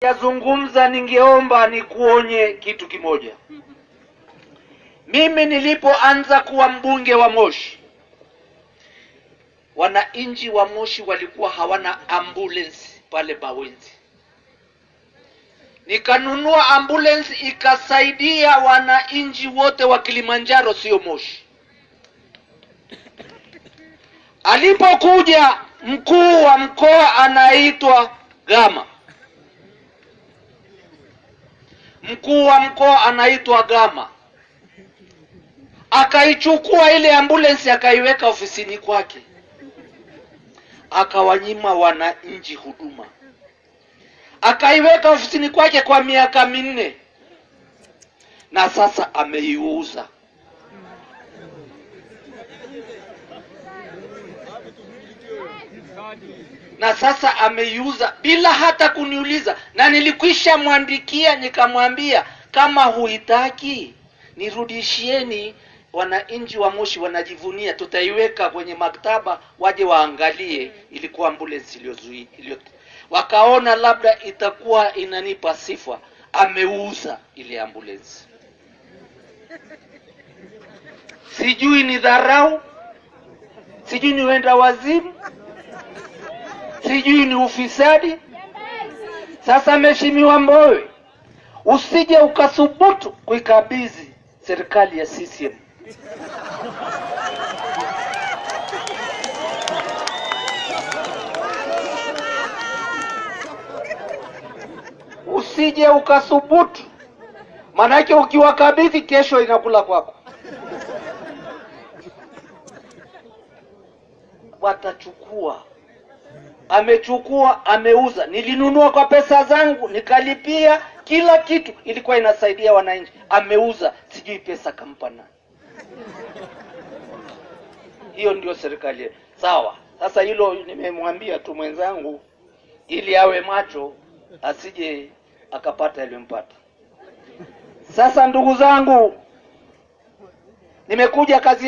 yazungumza ningeomba nikuonye kitu kimoja. Mimi nilipoanza kuwa mbunge wa Moshi, wananchi wa Moshi walikuwa hawana ambulensi pale Mawenzi. Nikanunua ambulensi ikasaidia wananchi wote wa Kilimanjaro, sio Moshi. Alipokuja mkuu wa mkoa anaitwa Gama mkuu wa mkoa anaitwa Gama, akaichukua ile ambulensi akaiweka ofisini kwake, akawanyima wananchi huduma, akaiweka ofisini kwake kwa miaka minne na sasa ameiuza. na sasa ameiuza bila hata kuniuliza, na nilikwisha mwandikia nikamwambia, kama huitaki nirudishieni. Wananchi wa Moshi wanajivunia, tutaiweka kwenye maktaba waje waangalie. Ilikuwa ambulance iliyozuia wakaona labda itakuwa inanipa sifa. Ameuza ile ambulensi sijui ni dharau, sijui ni wenda wazimu sijui ni ufisadi. Sasa Mheshimiwa Mbowe, usije ukathubutu kuikabidhi serikali ya CCM. Usije ukathubutu, maanake ukiwakabidhi kesho inakula kwako. Watachukua amechukua, ameuza. Nilinunua kwa pesa zangu, nikalipia kila kitu, ilikuwa inasaidia wananchi. Ameuza, sijui pesa kampa nani. Hiyo ndio serikali yetu. Sawa, sasa hilo nimemwambia tu mwenzangu ili awe macho, asije akapata yaliyompata. Sasa ndugu zangu, nimekuja kazi